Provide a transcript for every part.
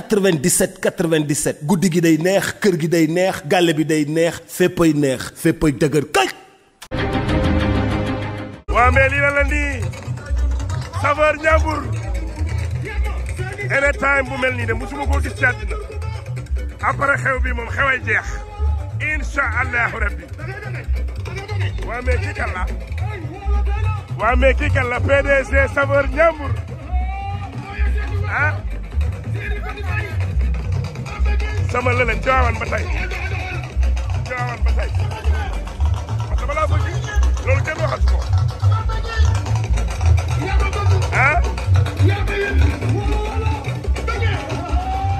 97 97 guddi gi day neex kër gi day neex gàlle bi day neex féppay neex féppay dëgër kay. waa mais lii la leen any time bu mel nii de musuma koo gis ci àddina après xew bi moom xeway jeex incha allahu rabbi waa mais kii kan la waa mais sama lële Tiwaawan ba tey Tiwaawan ba tey man dama laa bëgg loolu kenn waxatu ko ah.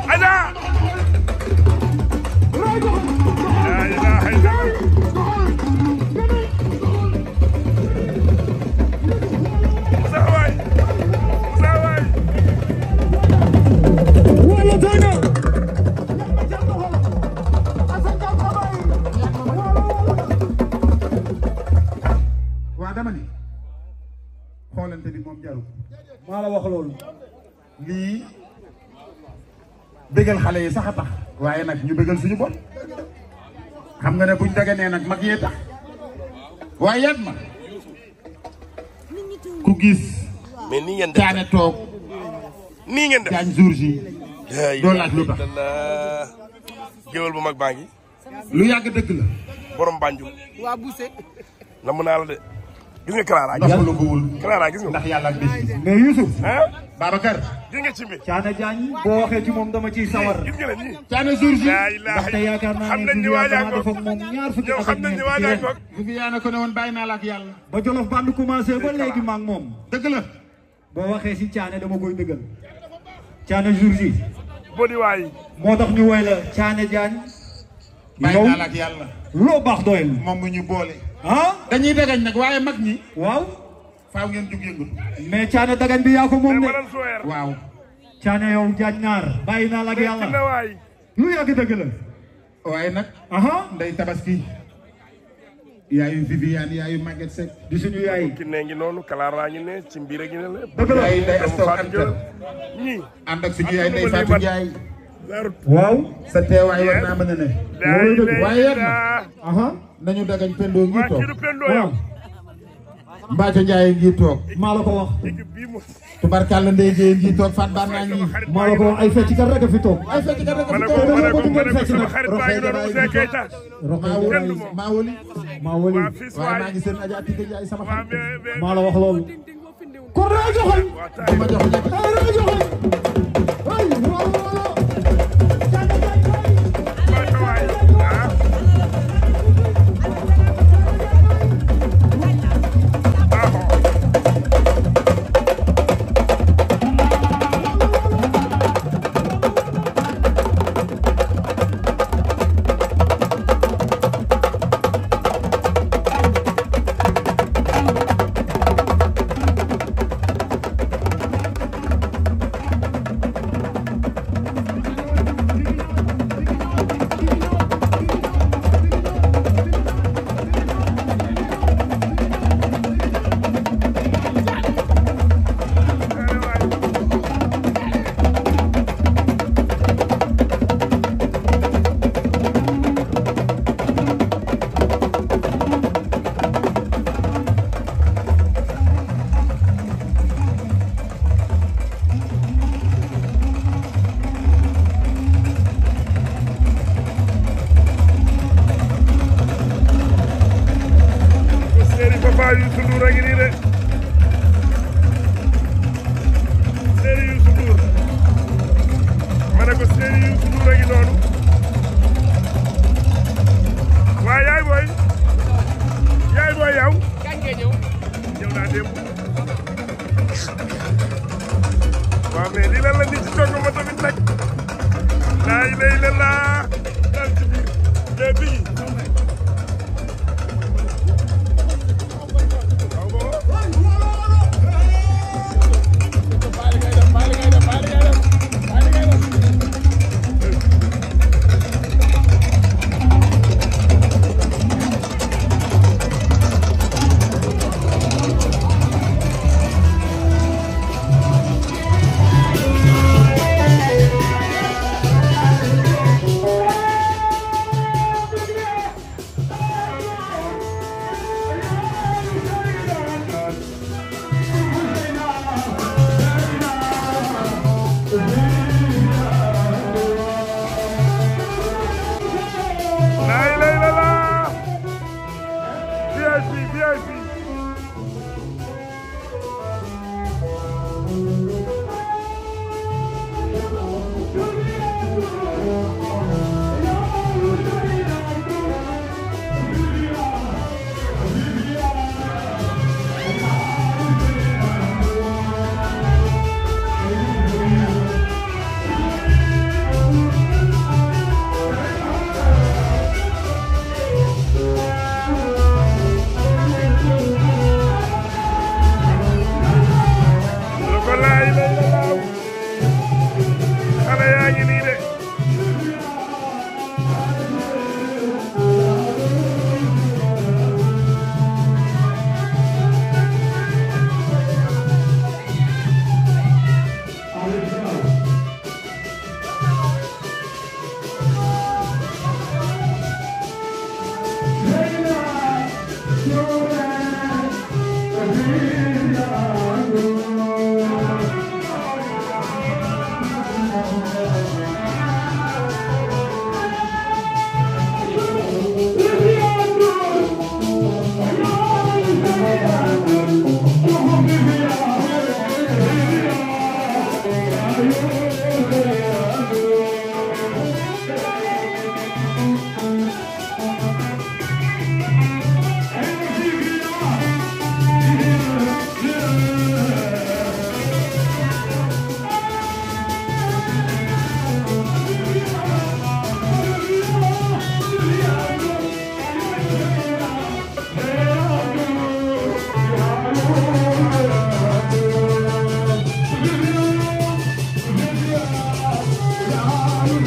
Aja. bëggal xale yi sax a tax waaye nag ñu bëggal suñu bopp xam nga ne buñ daganee nag mag yee tax waaye yaat ma ku gis mais nii ngeen def caane toog ni ngeen def caañ jour ji doo laaj lu tax géwél bu mag baa ngi lu yàgg dëgg la borom Banjul waa Bousse naa la de gis nga Clara gis nga Clara gis nga. ndax yàlla ak bés bi. mais Youssouf. Babacar. gis nga ci Caana Diagne boo waxee ci moom dama ciy sawar. gis nga leen nii. Caana jour bi. ndaxte yaakaar naa ne Viviane dafa moom ñaar fukki at ak ñeent Viviane ko ne woon bàyyi naa la ak yàlla. ba Jolof Band commencé ba léegi maa ngi moom. dëgg la. boo waxee si Caana dama koy dëggal. Caana jour bi. bodi moo tax ñu woy la Caana Diagne. bàyyi naa la ak yàlla. loo baax doyul. moom mu ñu boole. ah dañuy dagañ nag waaye mag ñi. waaw. faaw ngeen jug yëngatu. mais dagañ bi yaa ko moom ne. waaw. caane yow jaaj naar. bàyyi naa la ak yàlla. lu yàgg dëgg la. waaye nag. ndey tabaski. yaayu Viviane yaayu Maguette Seck. di suñu yaay. ki ne noonu kalaaraa ne ci mbir a ngi ne la. dëgg la yaay ndey Astor Anta. ñii. ànd ak suñu waaw. sa teewaay war naa mën a ne. waaye yàgg na. nañu dagañ Pendo ngi toog waaw Mbaaco Ndiaye ngi toog maa la ko wax tubarkàlla Ndeye Gueye ngi toog Fat Ba naa ngi maa ko wax ay fecc kat rek a fi toog ay fecc kat rek fi toog dañoo ko dugal maa woli maa woli waaye maa ngi seen Adja Atiké Ndiaye sama xarit maa la wax loolu kon raa joxoñ ma joxoñ raa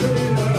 Thank you.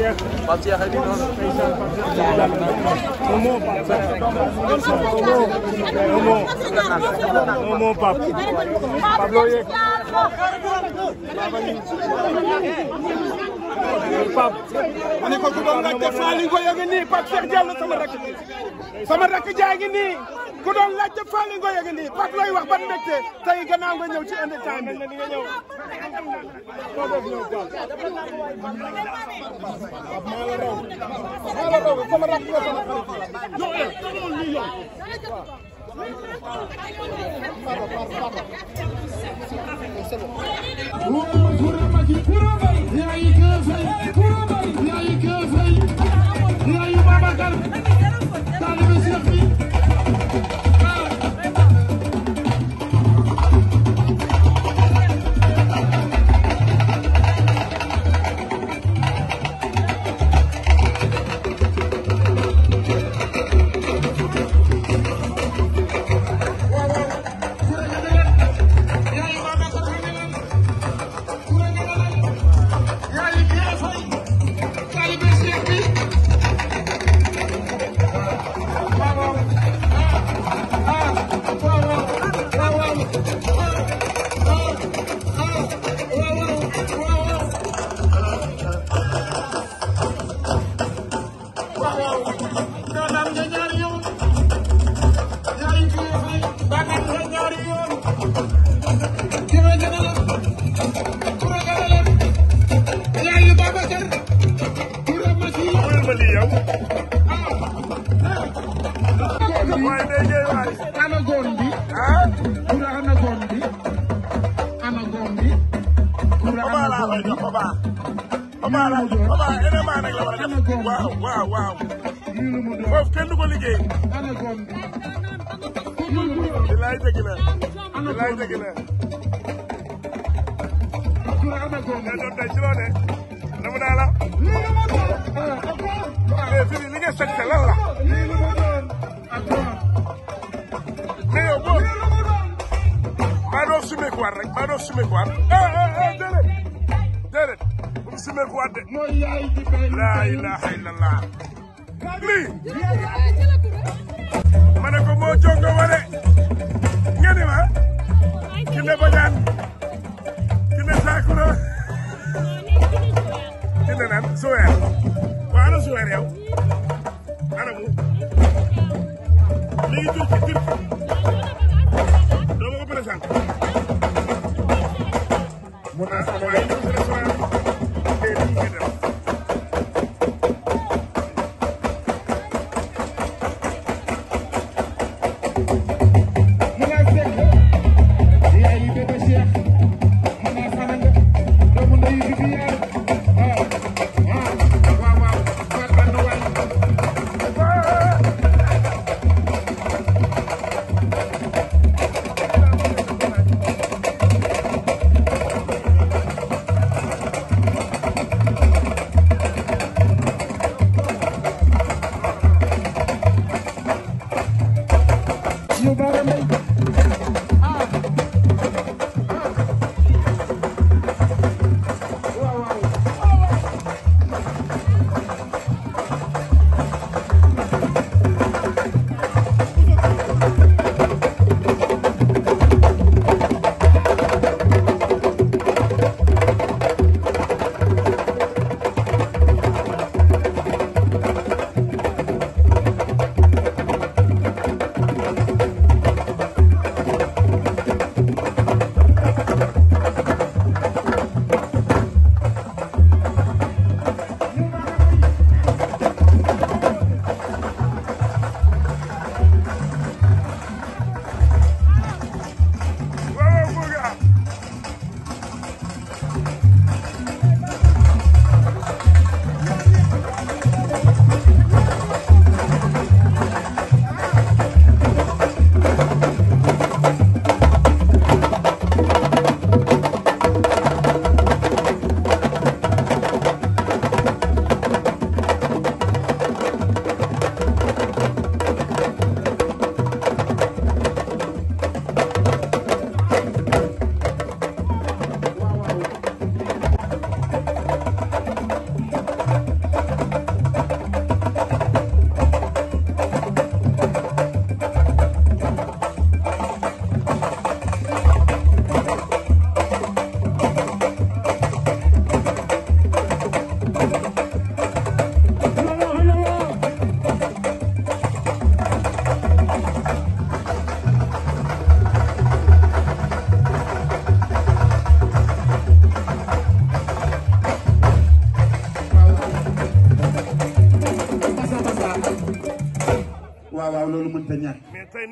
Pape Cheikh a ngi noonu moo Pape Pape loo yegg eh. Pape. ma ne ko doon laajte Falingo yaa ngi nii Pape Cheikh Diallo sama rakk sama rakk jaa ngi nii ku doon laajte Falingo yaa ngi nii Pape looy wax ban mbégte tey gannaaw nga ñëw ci indi temps bi. sama rakk la sama a a Thank you. dimbali yow waaye day jëy waay ana a bi ah a ana goon bi ana goon bi kura ana goon bi papa la waaw waaw waaw kenn du ko liggéey ana goon bi bilaay dëgg la bilaay dëgg la kura ana goon bi do tay ci lo ne dama daa mais fii li nga sëñ lan la. mais yow boo maa doon sumeekuwaat rek maa doon sumeekuwaat. déedéet déedéet bu mu sumeekuwaat de. laa ilaaha illallah. lii ma ne ko moo jongo wale nga ni ma ki ne bañaan ki ne saakura ki ne naan suweer waa ana suweer yow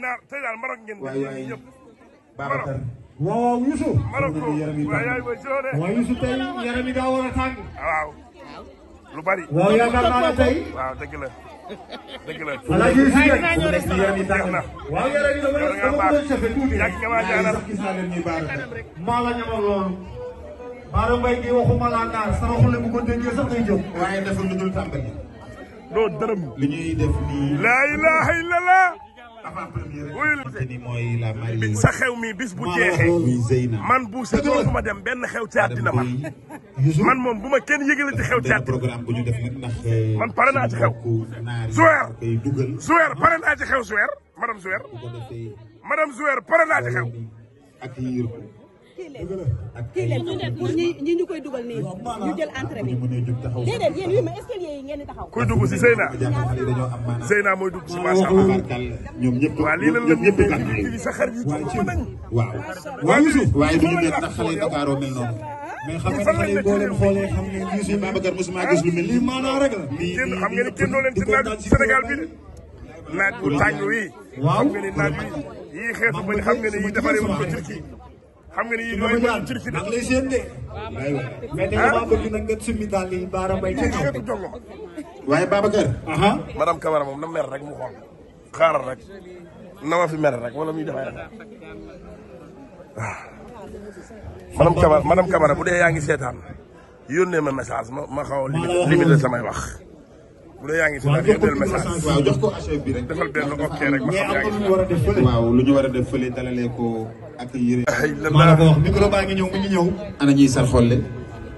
naar tey daal Maroc ngeen. waay waay Babacar. waaw waaw Youssou. Maroc waaw Youssou tey yaram yi daa war a tàng. waaw lu bari. waaw yaakaar naa ne tey. waaw dëgg la dëgg la. alaaji si yéen yaram yi tàng na. waaw yaram yi dama dama ko doon jafe tuuti. yàgg nga maa jaaral sax gis naa leen ñuy Babacar. maa la ñamal loolu. Baara Mbaye gi waxuma laa naar sama xule bu ko déggee sax day jóg. waaye defal lu dul tàmbali. doo dërëm. li ñuy def nii. laa ilaaha illallah. avant première ni mooy la Marie sa xew mi bis bu jeexee man bu sa doon ma dem benn xew ci àddina ma man moom bu ma kenn yëgale ci xew ci àddina man eh, pare naa ci xew Zouer Zouer pare naa ci xew Zouer madame Zouer madame Zouer pare naa ci xew kii leen kii leen pour ñi ñi ñu koy dugal nii ñu jël entrée bi déedéet yéen yu ma escalier yi ngeen di taxaw kuy dugg si Zeyna Zeyna mooy dugg si macha Allah ñoom ñëpp waaw lii lan la ñëpp kan ci sa xar yi ci nañ waaw waaw Youssouf waaye duñu mel ndax xale Dakar mel noonu mais xam nga xale yi boo leen xoolee xam ngeen lii suñu Babacar mosuma gis lu mel nii maanaa rek la kenn xam ngeen kenn doo leen ci naaj Sénégal bi naaj bu tàng yi xam nga ni naaj yi yii xeetu ba xam nga ni yii defaree wuñ ko ci xam nga ni mooy mooy ci fi def les jeunes de. aywa mais nag maa bëgg nag nga summi daal di baara bay ca kaw. waaye Babacar. madame Camara moom na mer rek mu xool. xaaral rek na ma fi mer rek wala muy defee rek waaw. Ah. madame Camara madame Camara bu dee yaa ngi seetaan yónnee ma message ma ma xaw a limité samay wax. bu yaa ngi si daal yónneel message. waaw jox ko HF bi rek. defal benn ok waaw lu ñu war a def fële dalalee ko ak yére. ñëw mu ngi ñëw. ana ñuy sar xolle.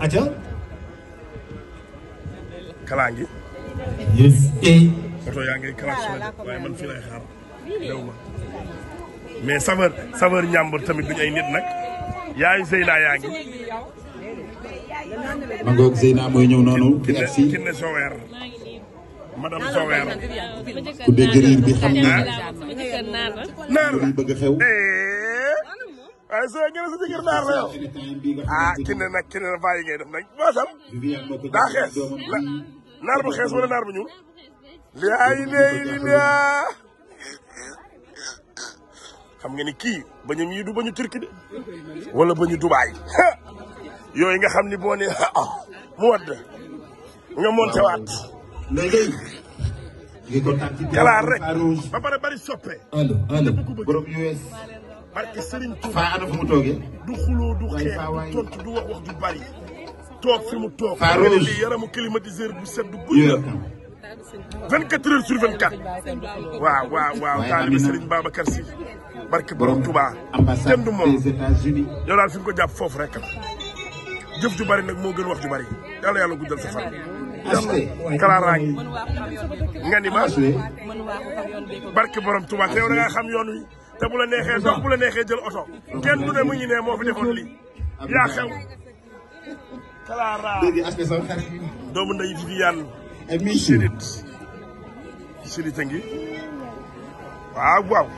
atia. Eh. yaa ngi waaye man ma mais saveur saveur tamit duñ ay nit nag. yaayu Zeyna yaa ma ngoog Zeyna mooy ñëw noonu. di ak si madame Soweer ku dégg riir bi xam naa naar ah. la bëgg a xew waaye eh. soo gën a sa jëkkër naar la yow ah ki ne nag ki ne nag bàyyi ngay daa xees naar bu xees wala naar bu ñuul liaay léegi liaa xam nga ni kii bañu ñii du bañu turki de wala bañu dubaay yooyu nga xam ni boo ah, mu wadd nga monté waat léegi. ñu galaar rek ba pare bari soppe. allo allo borom US. barke Serigne Touba faa ana fu mu toogee. du xuloo du xeex toog fi mu toog. faa rouge yaramu climatiseur bu sedd bu. 24 heures sur 24. waaw waaw waaw taalibe Serigne Babacar Sy. barke borom Touba. ambassade des États-Unis fi nga ko jàpp foofu rek la. jëf ju bari nag moo gën wax ju bari yàlla yàlla guddal sa fan. kalaraang nga ni ma barke borom Tuubaa te yow xam yoon wi te bu neexee dox oto kenn du ne mu ñu ne moo fi defoon lii yaa xew kalaraang doomu nday di yàlla sirit sirit a ngi waaw waaw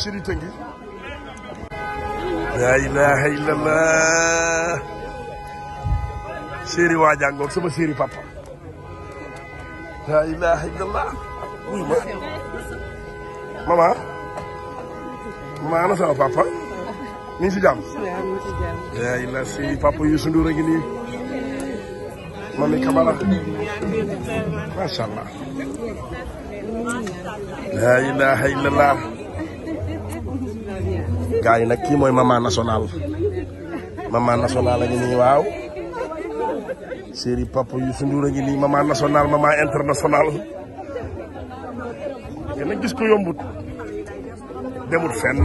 sirit a ngi la ilaha illallah séeri waa jàngoog sama séeri papa la ilaha illallah uy ma mama mama ana sama papa mi ngi si jàmm la ilaha séeri papa Youssou Ndour a nii mami Kamara macha allah la ilaha illallah gars yi nag kii mooy mama national nii waaw séeri papa Youssou Ndour a ngi nii maman nationale maman internationale yéen a gis ko yombut demul fenn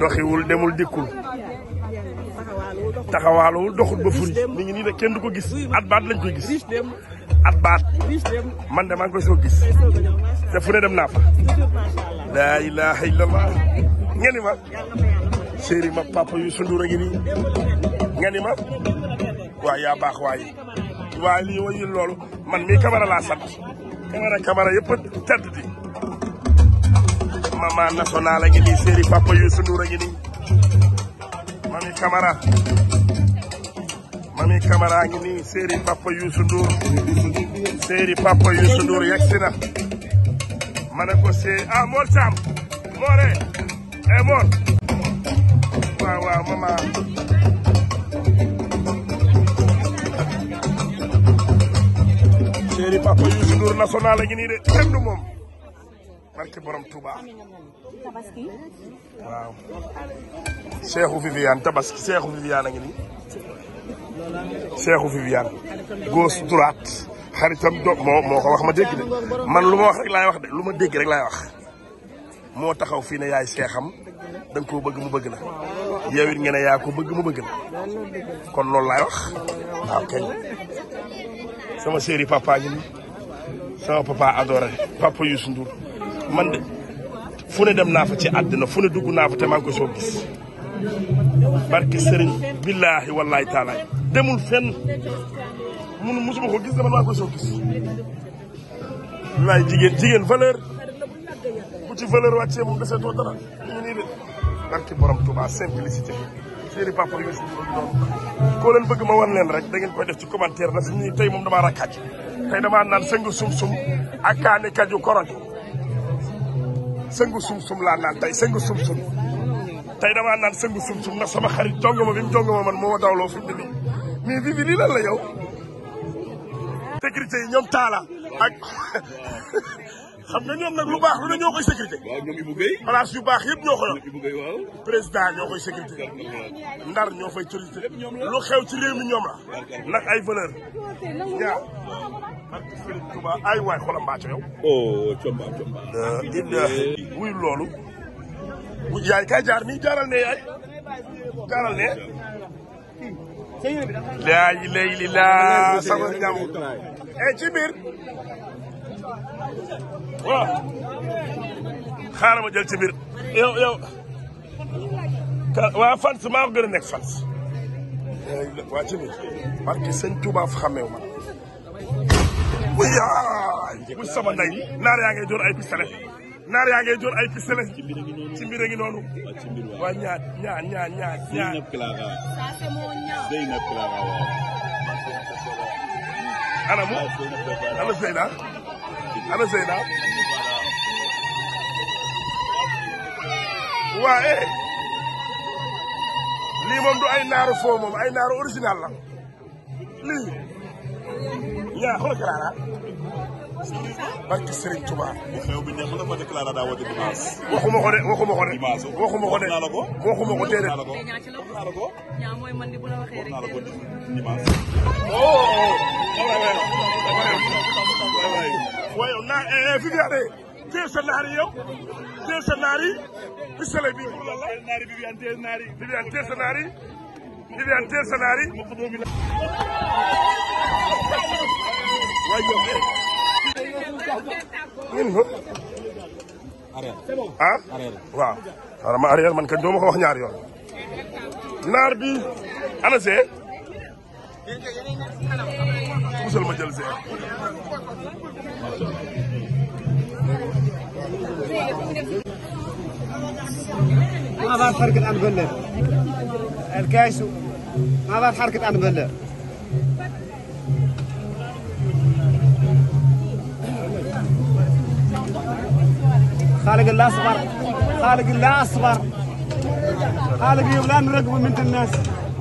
doxiwul demul dikkul taxawaalowul doxul ba furi mi ngi nii rek kenn du ko gis at baat lañ koy gis at baat man de maa ngi koy soo gis te fu dem naa fa laa ilaha illallah ngeen ma séeri ma papa Youssou Ndour a ngi nii ma waaw yaa baax waay waaye lii wayul loolu man mii Camara laa sant Camara Camara yëpp a mama nationale a ngi nii séeri papa Youssou Ndour a ngi nii mami Camara mami Camara a ngi nii séeri papa Youssou Ndour séeri papa Youssou Ndour yegsi na ko séeri ah Mor Thiam Moré eh Mor waaw waaw mama ni papa Youssou Ndour national a ngi nii de kenn du moom barke borom Touba waaw Cheikhou tabaski Cheikhou Viviane a ngi nii Cheikhou Viviane gauche droite xaritam do moo wax ma dégg de man lu ma wax rek laay wax de lu ma dégg rek laay wax moo taxaw fii ne yaay seexam da nga bëgg mu bëgg la yow it ngeen yaa ko bëgg mu bëgg la kon loolu laay wax waaw keñ sama séeri papa ngi sama papa adoré papa Youssou Ndour man de fu dem naa fa ci àddina fu dugg naa fa te maa ngi ko soo gis barke Serigne billaahi wallaahi taalaay demul fenn mun musuma gis dama maa ko gis wallaay jigéen jigéen valeur bu ci valeur wàccee moom deseetoo dara de barke borom Touba simplicité seeni papa koo leen bëgg ma wan leen rek da ngeen koy def ci commentaire na nii tey moom damaa rakkaaj tey damaa naan sëngu sum-sum ak kaani kaju korojo sëngu sum-sum laa naan tey sëngu sum-sum tey damaa naan sëngu sum-sum ndax sama xarit jongoma bi mu man moo ma dawloo fi mu ne nii la yow sécurité yi taala xam nga ñoom nag lu baax lu ne ñoo koy sécurité. yu baax yëpp ñoo ko yor. Ibou président ñoo koy sécurité. ndar ñoo fay lu xew ci réew mi ñoom la. nag ay valeur. waay xolam mbaaco yow. oh wuy loolu. bu yaay kay jaar nii jaaral ne yaay. jaaral ne. li laa sama ñam. Eh, ci biir. waaw xaaral ma jël ci biir yow waa fans maa ko gën a nekk fans waa ci biir parce que sëñ xamee ma waay bu sama naar yaa ngay door ay pistolet naar yaa ngay door ay pistolet ci a ngi noonu waa ñaar ñaar ñaar ana mu ana Zeyna ana Seyda waa eh lii moom du ay naaru foo moom ay naaru original la lii yaa xoolal Clara barke Serigne Touba. xew bi neex na ma ne Clara daa woote dimanche. waxuma ko de waxuma ko de. dimanche waxuma ko de waxuma ko déedéet. waxuma ko ñaa mooy man di bu la waxee rek dimanche. oh. oh, oh. waaye yow naa Viviane naar bi pour lan la. Viviane teel naar yi eh, eh, Viviane teel sa naar yi Viviane teel sa naar yi. ah waaw. xaaral naar bi ana see. musal ma jël zeer مع بعض حركة عن بلة الكايسو مع بعض حركة عن بلة خالق الله اصبر خالق الله اصبر خالق يوم لا نرقب بنت الناس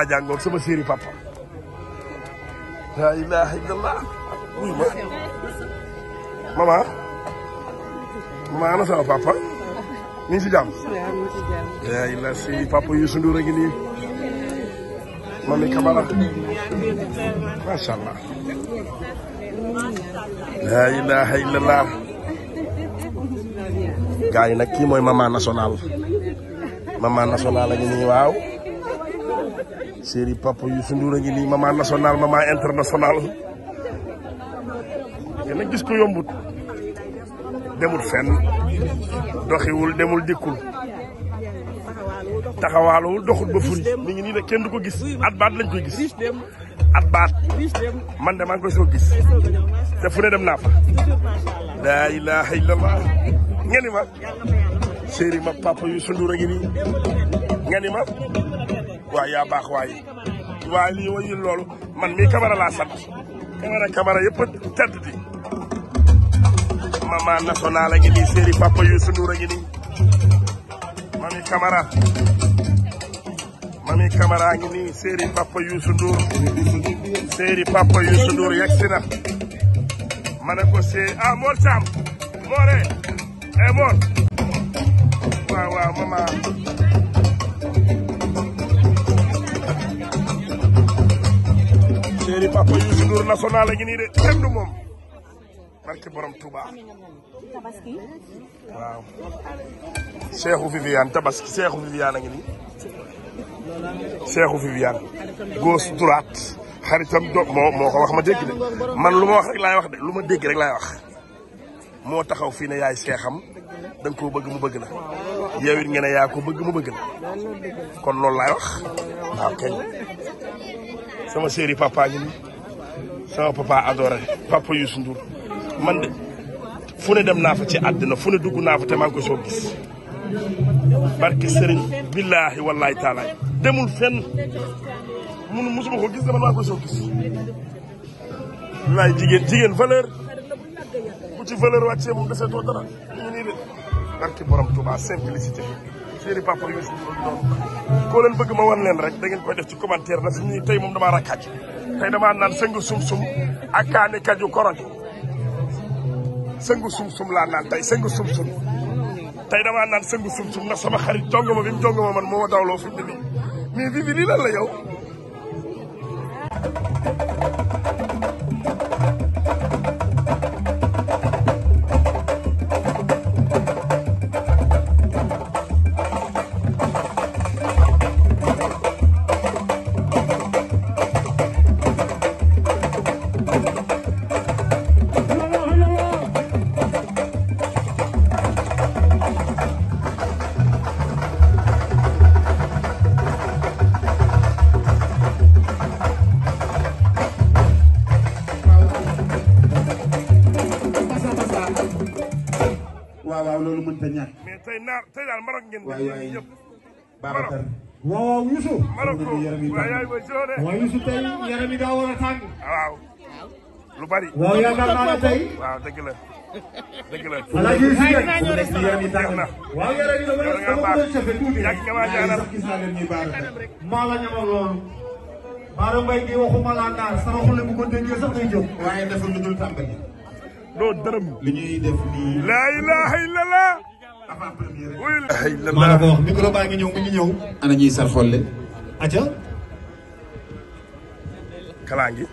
waajàngoog sama séeri papa la ilaha illallah wuy ma mama papa mi ngi si jàmm la ilaha séeri papa Youssou Ndour a ngi nii mami Camara macha allah la ilaha illallah gars yi nag kii mooy mama national mama waaw série papa Youssou Ndour a ngi nii maman national maman international yéen a gis ko yombut demul fenn doxiwul demul dikkul taxawaalowul doxul ba furi mi ngi nii de kenn du ko gis at baat lañ koy gis at baat man de maa ngi koy soo gis te fu ne dem naa fa laa ilaha illallah ngeen ni ma série ma papa Youssou Ndour a ngi nii ngeen ni ma waaw yaa baax waay waaye lii wa loolu man mii Camara laa sant Camara Camara yëpp a tedd di maman nationale a ngi nii séeri papa Youssou Ndour a ngi nii mami Camara mami Camara a ngi nii séeri papa Youssou Ndour séeri papa Youssou Ndour yegsi na ko see ah Mor Thiam Moré eh Mor waaw waaw maman mel ni papa Youssou Ndour national a ngi nii de kenn du moom barke borom Touba waaw Cheikhou tabaski Cheikhou Viviane a ngi nii Cheikhou Viviane gauche droite xaritam do moo moo ko wax ma dégg de man lu ma wax rek laay wax de lu ma dégg rek laay wax moo taxaw fii ne yaay seexam da nga koo bëgg mu bëgg la yow it yaa ko bëgg mu bëgg la kon lool laay wax waaw kañ sama séeri papa ngi nii sama papa adoré papa Youssou Ndour man de fu ne dem naa fa ci àddina fu ne dugg naa fa te maa ngi ko soo gis barki sëriñ billaahi wallaahi taala demul fenn mun musuma ko gis dama maa ko soo gis wallaay jigéen jigéen valeur bu ci valeur wàccee moom dese too dara ñu nii de barki borom Touba simplicité bëgg ma wan leen rek da ngeen def ci commentaire na fi mu ne tey moom damaa rakkaaj tey damaa naan sëngu sum-sum ak kaani kaju koroju sëngu sum-sum laa naan tey sëngu sum-sum tey damaa naan sëngu sum-sum sama xarit jongo ma bi mu jongo man moo ma dawloo mu ne nii mais bi bi lii la yow tey naar tey daal Maroc ngeen. waay waay Babacar. waaw waaw Youssou. Maroc ko waaw yaay booy soo de. waaw Youssou tey yaram yi daa war a tàng. waaw lu bari. waaw yaakaar naa ne tey. waaw dëgg la dëgg la. ala kii si yéen yaram yi tàng na. waaw yaram yi dama dama ko doon safee tuuti. yàgg nga maa jaaral gis naa leen ñuy Babacar. maa la ñamal loolu. Baara Mbaye gi waxuma laa naar sama xol bu ko déggee sax day jóg. waaye deful lu dul tàmbali. doo dërëm. li ñuy def nii. laa ilaaha illallah. maa la ko wax micro baa ngi ñëw mi ñu ñëw. ana ñuy sar xolle. atia. kalaa ngi.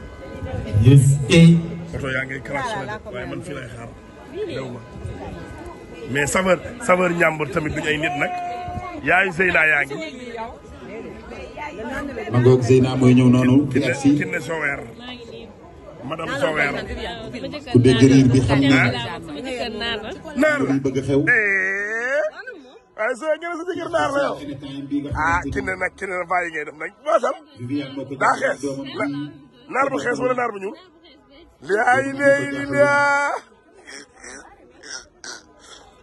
yes. Eh. oto yaa ngi kalaa ma mais saveur saveur tamit duñ ay nit nag. yaayu Zeyna yaa ngi. ma ngoog Zeyna mooy ñëw noonu. di àgg si madame Soweer ku dégg riir bi xam naa naar la bëgg a eh? soo gën sa jëkkër naar la yow ah ki ne nag ki ne nag bàyyi ngay daa xees naar bu xees wala naar bu ñuul laay lay laa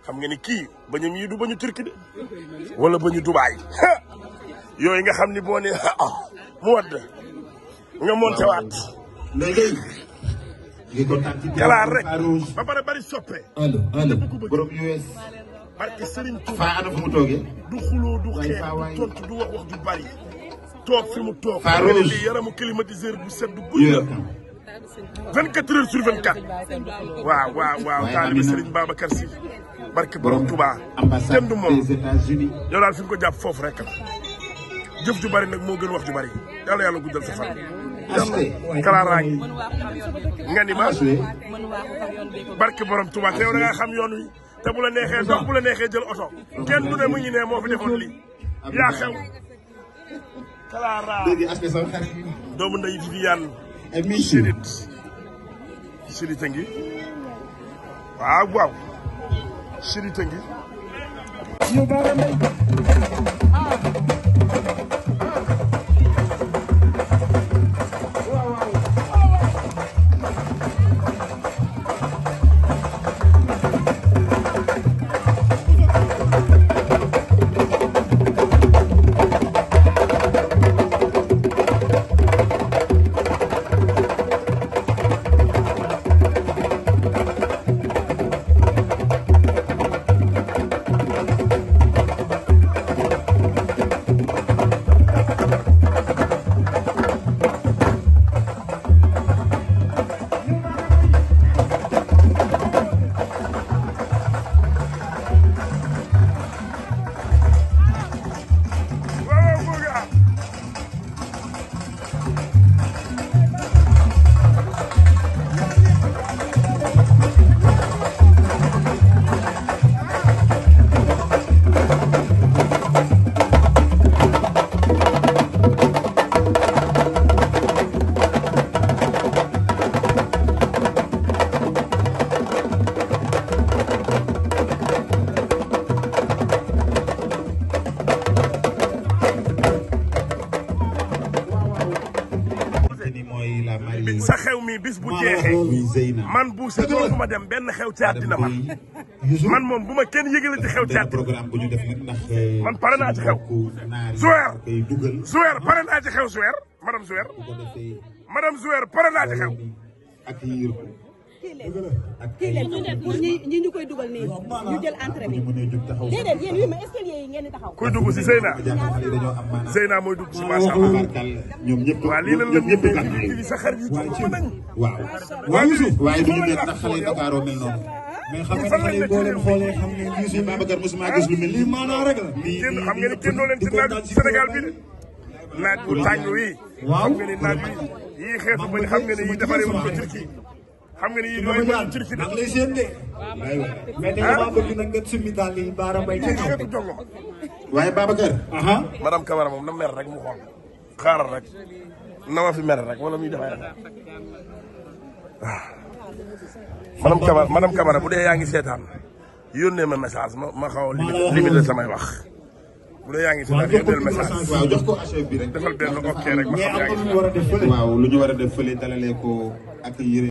xam nga ni kii bañu yi du bañu turki de wala bañu dubaay yooyu nga xam ni boo ah, mu wadd nga monté waat léegi. ñu ngi kontaan ci galaar rek ba pare bari soppe. allo allo borom US. barke Serigne Touba faa ana fu mu toogee. du xuloo du xeex du tontu du wax wax du bari. toog fi mu toog. faa rouge yaramu climatiseur bu sedd bu. 24 heures sur 24. waaw waaw waaw taalibe Serigne Babacar Sy. barke borom Touba. ambassade des États-Unis yow daal fi mu ko jàpp foofu rek la. jëf ju bari nag moo gën wax ju bari yàlla yàlla guddal sa fan. kalaraang nga ni ma barke borom Tuubaa te yow xam yoon wi te bu neexee dox oto kenn du ne mu ñu ne moo fi defoon lii yaa xew kalaraang doomu nday di di yaan sirit sirit a ngi waaw waaw sirit a ngi sa xew mi bis bu jeexee man bu sa dootu ma dem benn xew ci àddina ma man moom bu ma kenn yëgale ci xew ci àddina eh, man pare naa ci xew Zouwer Zouwer pare naa ci xew Zouwer madame Zouwer madame Zouwer pare naa ci xew kii leen kii leen pour ñi dugal nii si Zeyna Zeyna mooy dugg si macha Allah ñoom ñëpp waaw lii lan la ñëpp kan sa xar yi ko nag waaw waaw Youssou waaye duñu mel ndax xale Dakar mel noonu mais xam nga xale yi boo leen xoolee nii la xam ngeen kenn doo leen ci naaj Sénégal bi naaj bu tàng wi xam nga ni naaj yi xeetu ba xam nga ni yi defaree wuñ ko xam nga ni mooy mooy ci ci def lay seen de mais dama bëgg nag nga summi daal yi baara bay ci jongo waaye Babacar aha madame Camara moom na mer rek mu xool xaaral rek na ma fi mer rek wala muy defay rek ah. madame Camara madame Camara bu dee yaa ngi seetaan yónnee ma message ma ma xaw limite samay wax bu dee yaa ngi si jox ko achève bi rek. defal benn ok rek ma xam lu ñu war a def fële dalalee ko ak yére.